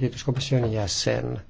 kiitos komission jäsen.